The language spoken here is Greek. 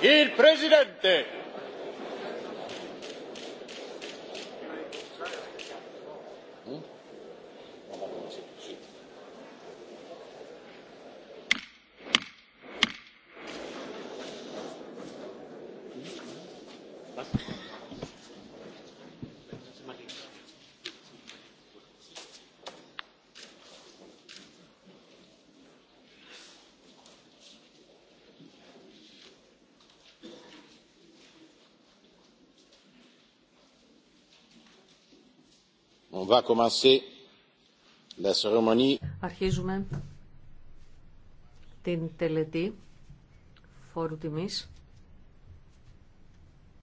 Il Presidente. Αρχίζουμε την τελετή φόρου τιμής.